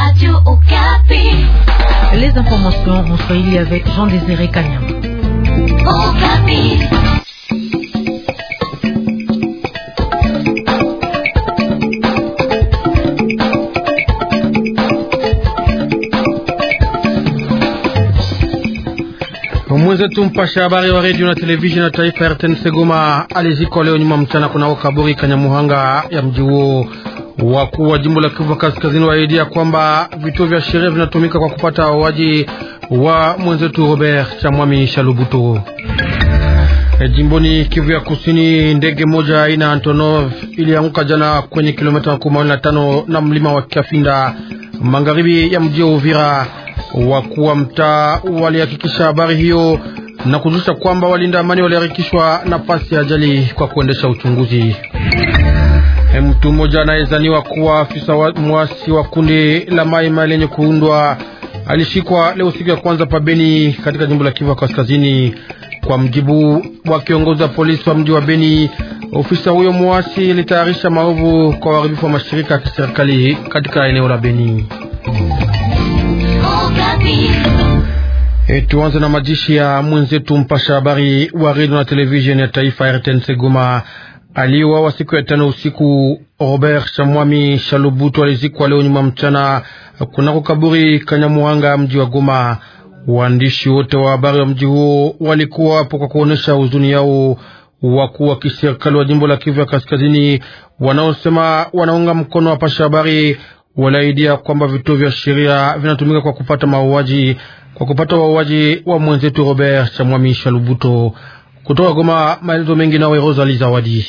Radio Okapi. Les informations en Swahili avec Jean Désiré Okapi. Mwenzetu mpasha habari wa redio na televisheni ya taifa RTNC Goma alizikwa leo nyuma mchana kunao kaburi Kanyamuhanga ya mji huo. Wakuu wa jimbo la Kivu Kaskazini waidia kwamba vituo vya sheria vinatumika kwa kupata waji wa mwenzetu Robert Chamwami Shalubuto. E, jimboni Kivu ya Kusini, ndege moja aina Antonov ilianguka jana kwenye kilomita makumi na tano na mlima wa Kafinda magharibi ya mji wa Uvira. Wakuu wa mtaa walihakikisha habari hiyo na kuzusha kwamba walinda amani waliharikishwa nafasi ya ajali kwa kuendesha uchunguzi. Mtu mmoja anayezaniwa kuwa afisa mwasi wa kundi la Maimai lenye kuundwa alishikwa leo siku ya kwanza pabeni katika jimbo la Kivu Kaskazini, kwa mjibu wa kiongozi wa polisi wa mji wa Beni. Ofisa huyo mwasi alitayarisha maovu kwa uharibifu wa mashirika ya kiserikali katika eneo la Beni. E, tuanze na majishi ya mwenzetu mpasha habari wa redio na televisheni ya taifa RTNC Goma wa siku ya tano usiku. Robert Chamwami Shalubutu alizikwa leo nyuma mchana kunako kaburi Kanyamuhanga, mji wa Goma. Waandishi wote wa habari wa mji huo walikuwa hapo kwa kuonesha huzuni yao. Wakuu wa kiserikali wa jimbo la Kivu ya Kaskazini wanaosema wanaunga mkono wapasha habari waliahidia kwamba vituo vya sheria vinatumika kwa kupata mauaji kwa kupata wauaji wa mwenzetu Robert Chamwami Shalubuto. Kutoka Goma, maelezo mengi nawe Rosalie Zawadi.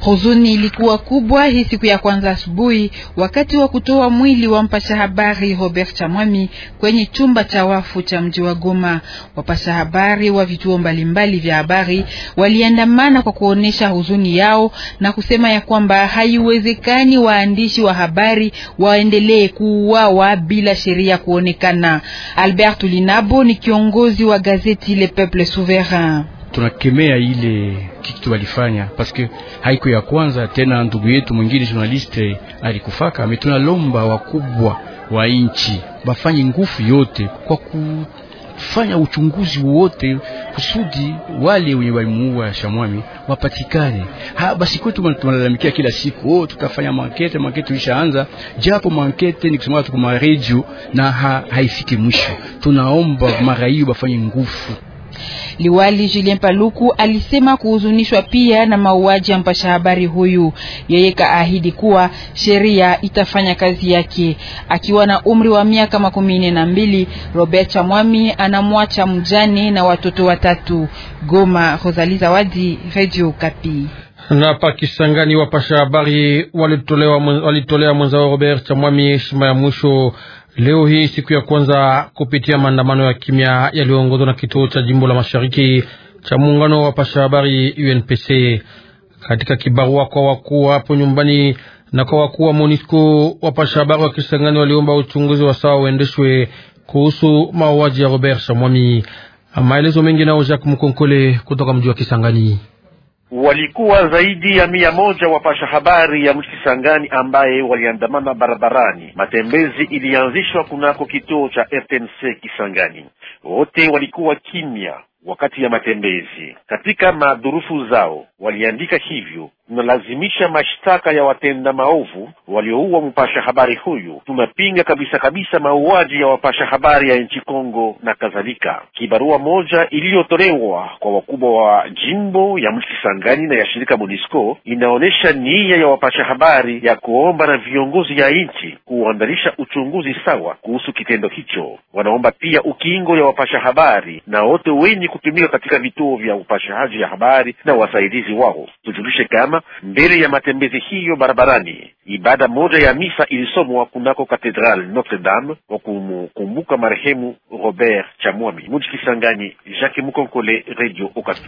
Huzuni ilikuwa kubwa hii siku ya kwanza asubuhi, wakati wa kutoa mwili wa mpasha habari Robert Chamwami kwenye chumba cha wafu cha mji wa Goma. Wapasha habari wa vituo mbalimbali vya habari waliandamana kwa kuonesha huzuni yao na kusema ya kwamba haiwezekani waandishi wa habari waendelee kuuawa bila sheria kuonekana. Albert Linabo ni kiongozi wa gazeti Le Peuple Souverain tunakemea ile kitu walifanya, paske haiko ya kwanza tena. Ndugu yetu mwingine journaliste alikufaka ametuna tunalomba wakubwa wa nchi bafanye nguvu yote kwa kufanya uchunguzi wote kusudi wale wenye walimuua Shamwami wapatikane. Ha, basi kwetu tunalalamikia kila siku, oh, tutafanya mankete mankete, ulishaanza japo mankete ni kusema tuko na ha, haifiki mwisho. Tunaomba mara hiyo bafanye nguvu Liwali Julien Paluku alisema kuhuzunishwa pia na mauaji ya mpasha habari huyu. Yeye kaahidi kuwa sheria itafanya kazi yake. Akiwa na umri wa miaka makumi nne na mbili, Robert Chamwami anamwacha mjane na watoto watatu. Goma, Rosalie Zawadi, Radio Kapi na pa Kisangani wapasha habari walitolewa walitolea mwenzao Robert Chamwami heshima ya mwisho Leo hii siku ya kwanza kupitia maandamano ya kimya yaliyoongozwa na kituo cha jimbo la mashariki cha muungano wa pasha habari UNPC. Katika kibarua kwa wakuu hapo nyumbani na kwa wakuu wa MONUSCO, wapasha habari wa Kisangani waliomba uchunguzi wa sawa uendeshwe kuhusu mauaji ya Robert Shamwami. Maelezo mengi nao Jacques Mkonkole kutoka mji wa Kisangani walikuwa zaidi ya mia moja wapasha habari ya mji Kisangani ambaye waliandamana barabarani. Matembezi ilianzishwa kunako kituo cha RTNC Kisangani. Wote walikuwa kimya wakati ya matembezi katika madhurufu zao waliandika hivyo: tunalazimisha mashtaka ya watenda maovu walioua mpasha habari huyu. Tunapinga kabisa kabisa mauaji ya wapasha habari ya nchi Kongo na kadhalika. Kibarua moja iliyotolewa kwa wakubwa wa jimbo ya Msisangani na ya shirika MONUSCO inaonyesha nia ya wapasha habari ya kuomba na viongozi ya nchi kuandalisha uchunguzi sawa kuhusu kitendo hicho. Wanaomba pia ukingo ya wapasha habari na wote wenye kutumika katika vituo vya upashaji ya habari na wasaidizi wazazi wao tujulishe kama mbele ya matembezi hiyo barabarani ibada moja ya misa ilisomwa kunako Katedral Notre Dame kwa kumkumbuka marehemu Robert Chamwami. Muji Kisangani, Jacques Mukonkole, Radio Okapi.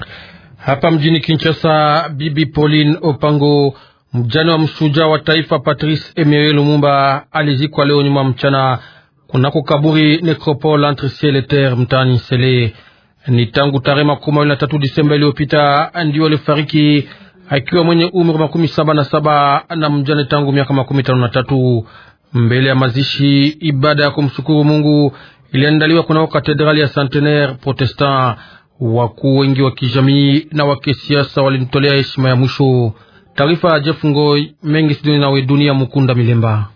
Hapa mjini Kinshasa, Bibi Pauline Opango, mjane wa mshujaa wa taifa Patrice Emery Lumumba, alizikwa leo nyuma mchana kunako kaburi Necropole entre ciel et terre mtaani Sele. Ni tangu tarehe makumi mawili na tatu Disemba iliyopita ndio alifariki akiwa mwenye umri makumi saba na saba na mjane tangu miaka makumi tano na tatu. Mbele ya mazishi, ibada ya kumshukuru Mungu iliandaliwa kunao katedrali ya Centenaire Protestant. Wakuu wengi wa kijamii na wa kisiasa walimtolea heshima ya mwisho. Taarifa ya Jeff Ngoi mengi sidoni nawe dunia Mukunda Milemba.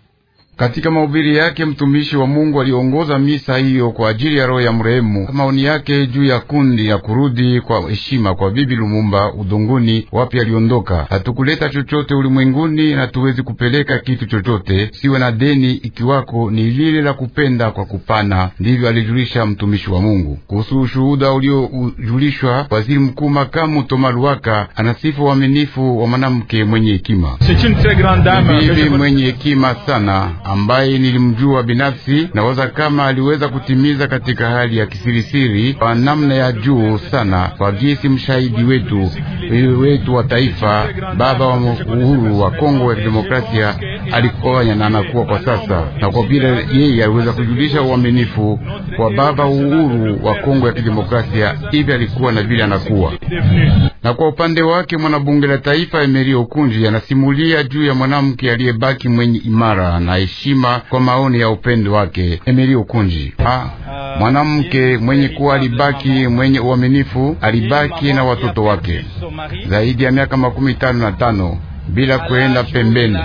Katika mahubiri yake mtumishi wa Mungu aliongoza misa hiyo kwa ajili ya roho ya mrehemu. Maoni yake juu ya kundi ya kurudi kwa heshima kwa bibi Lumumba udunguni wapi aliondoka. Hatukuleta chochote ulimwenguni na tuwezi kupeleka kitu chochote, siwe na deni ikiwako ni lile la kupenda kwa kupana. Ndivyo alijulisha mtumishi wa Mungu. Kuhusu ushuhuda uliojulishwa, waziri mkuu makamu Toma Luwaka anasifu uaminifu wa mwanamke mwenye hekima, bibi mwenye hekima sana ambaye nilimjua binafsi, nawaza kama aliweza kutimiza katika hali ya kisirisiri kwa namna ya juu sana, kwa jinsi mshahidi wetu wetu wa taifa, baba wa uhuru wa Kongo ya kidemokrasia alikufanya na anakuwa kwa sasa, na kwa vile yeye aliweza kujulisha uaminifu kwa baba uhuru wa Kongo ya kidemokrasia, hivi alikuwa na vile anakuwa na kwa upande wake mwanabunge la taifa Emeri Okunji anasimulia juu ya mwanamke aliyebaki mwenye imara na heshima kwa maoni ya upendo wake. Emeri Okunji ha, mwanamke mwenye kuwa alibaki mwenye uaminifu, alibaki na watoto wake zaidi ya miaka makumi tano na tano bila kuenda pembeni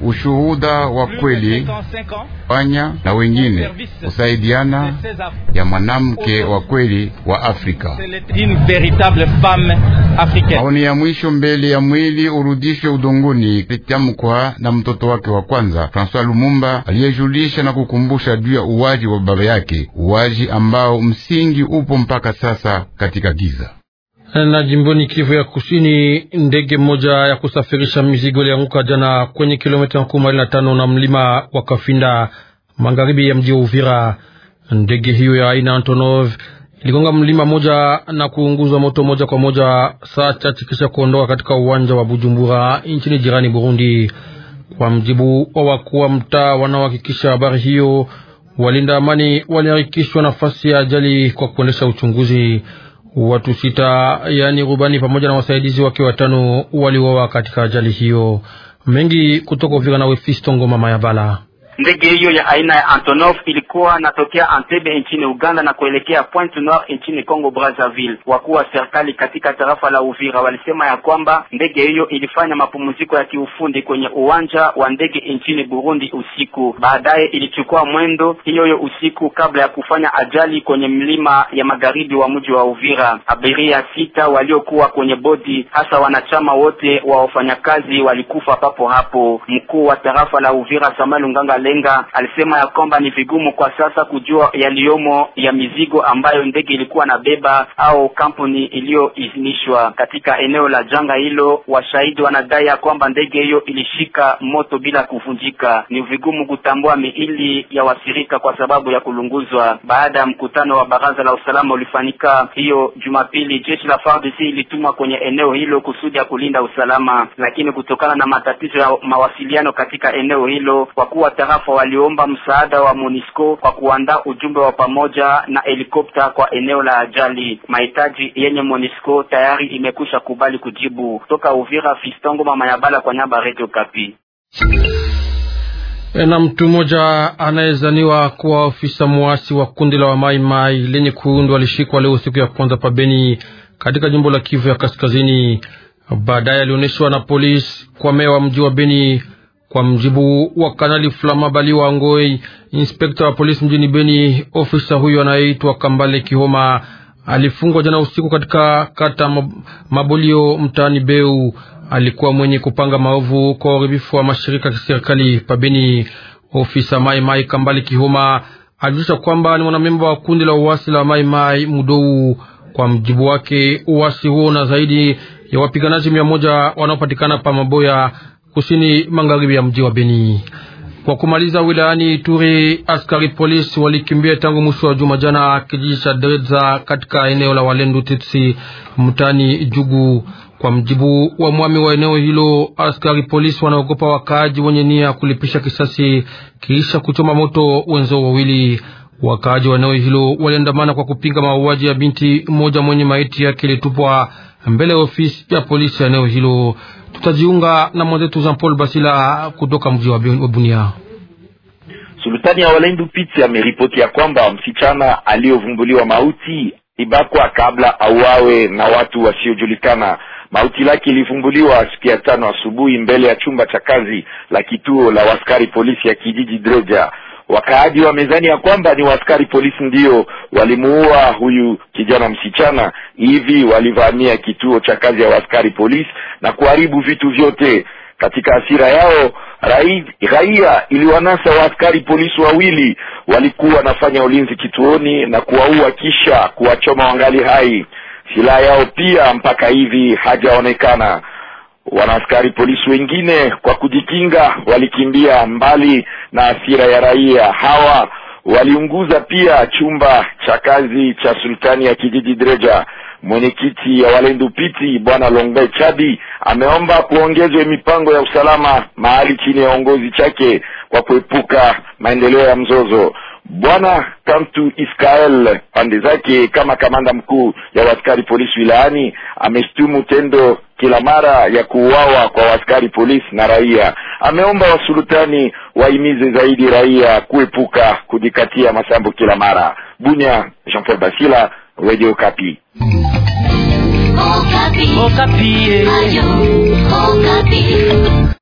ushuhuda wa kweli fanya na wengine kusaidiana ya mwanamke wa kweli wa Afrika. Maoni ya mwisho mbele ya mwili urudishwe udongoni, litamkwa na mtoto wake wa kwanza françois Lumumba aliyejulisha na kukumbusha juu ya uwaji wa baba yake, uwaji ambao msingi upo mpaka sasa katika giza. Na jimboni Kivu ya Kusini, ndege moja ya kusafirisha mizigo ilianguka jana kwenye kilomita makumi mawili na tano na mlima wa Kafinda magharibi ya mji wa Uvira. Ndege hiyo ya aina Antonov iligonga mlima moja na kuunguzwa moto moja kwa moja saa chache kisha kuondoka katika uwanja wa Bujumbura nchini jirani Burundi. Kwa mjibu wa wakuu wa mtaa wanaohakikisha habari hiyo, walinda amani walihakikishwa nafasi ya ajali kwa kuendesha uchunguzi. Watu sita yaani rubani pamoja na wasaidizi wake watano waliuawa katika ajali hiyo. Mengi kutoka Uvira na Wefisto Ngoma Mayabala. Ndege hiyo ya aina ya Antonov ilikuwa natokea Antebe nchini Uganda na kuelekea Pointe Noire nchini Congo Brazzaville. Wakuu wa serikali katika tarafa la Uvira walisema ya kwamba ndege hiyo ilifanya mapumziko ya kiufundi kwenye uwanja wa ndege nchini Burundi usiku, baadaye ilichukua mwendo hiyo hiyo usiku kabla ya kufanya ajali kwenye mlima ya magharibi wa mji wa Uvira. Abiria sita waliokuwa kwenye bodi, hasa wanachama wote wa wafanyakazi, walikufa papo hapo. Mkuu wa tarafa la Uvira Samuel Kalenga alisema ya kwamba ni vigumu kwa sasa kujua yaliyomo ya mizigo ambayo ndege ilikuwa na beba au kampuni iliyoidhinishwa katika eneo la janga hilo. Washahidi wanadai ya kwamba ndege hiyo ilishika moto bila kuvunjika. Ni vigumu kutambua miili ya wasirika kwa sababu ya kulunguzwa. Baada ya mkutano wa baraza la usalama ulifanyika hiyo Jumapili, jeshi la FARDC ilitumwa kwenye eneo hilo kusudi ya kulinda usalama, lakini kutokana na matatizo ya mawasiliano katika eneo hilo, kwa kuwa tarafa waliomba msaada wa MONUSCO kwa kuandaa ujumbe wa pamoja na helikopta kwa eneo la ajali, mahitaji yenye MONUSCO tayari imekwisha kubali kujibu. Toka Uvira, Fistongo mama ya bala kwa nyaba, Radio Kapi. E, na mtu mmoja anayezaniwa kuwa ofisa mwasi wa kundi la wamaimai lenye kuundwa alishikwa leo siku ya kwanza pabeni katika jimbo la Kivu ya Kaskazini. Baadaye alioneshwa na polisi kwa meya wa mji wa Beni kwa mjibu wa Kanali Flama Baliwa Ngoi, inspekta wa polisi mjini Beni, ofisa huyo anaitwa Kambale Kihoma alifungwa jana usiku katika kata Mabolio mtaani Beu. Alikuwa mwenye kupanga maovu kwa uharibifu wa mashirika ya kiserikali pabeni. Ofisa Mai Mai Kambale Kihoma alijulisha kwamba ni mwanamemba wa kundi la uasi la Mai Mai Mudou. Kwa mjibu wake, uasi huo na zaidi ya wapiganaji mia moja wanaopatikana pa Maboya kusini magharibi ya mji wa Beni. Kwa kumaliza, wilayani Ituri, askari polisi walikimbia tangu mwisho wa juma jana kijiji cha Dereza katika eneo la Walendu Tutsi mtani Jugu. Kwa mjibu wa mwami wa eneo hilo, askari polisi wanaogopa wakaaji wenye nia kulipisha kisasi kisha kuchoma moto wenzao wawili. Wakaaji wa eneo hilo waliandamana kwa kupinga mauaji ya binti mmoja mwenye maiti yake ilitupwa mbele ya ofisi ya polisi ya eneo hilo. Tutajiunga na mwenzetu Jean Paul Basila kutoka mji wa Bunia. Sultani ya Walendu Pitsi ameripoti ya kwamba msichana aliyovumbuliwa mauti ibakwa kabla auawe na watu wasiojulikana. Mauti lake ilivumbuliwa siku ya tano asubuhi mbele ya chumba cha kazi la kituo la waskari polisi ya kijiji Dreja wakaaji wa mezani ya kwamba ni waskari polisi ndio walimuua huyu kijana msichana, hivi walivamia kituo cha kazi ya waskari polisi na kuharibu vitu vyote. Katika asira yao raia iliwanasa waaskari polisi wawili walikuwa wanafanya ulinzi kituoni na kuwaua kisha kuwachoma wangali hai. Silaha yao pia mpaka hivi hajaonekana. Wanaaskari polisi wengine kwa kujikinga walikimbia mbali na asira ya raia hawa. Waliunguza pia chumba cha kazi cha sultani ya kijiji Dreja. Mwenyekiti ya Walendu Piti Bwana Longbe Chadi ameomba kuongezwe mipango ya usalama mahali chini ya uongozi chake kwa kuepuka maendeleo ya mzozo. Bwana Kamtu Iskael pande zake, kama kamanda mkuu ya waskari polisi wilayani, ameshtumu tendo kila mara ya kuuawa kwa askari polisi na raia. Ameomba wasultani waimize zaidi raia kuepuka kujikatia masambo kila mara. Bunya, Jean Paul Basila, Radio Okapi. Okapi.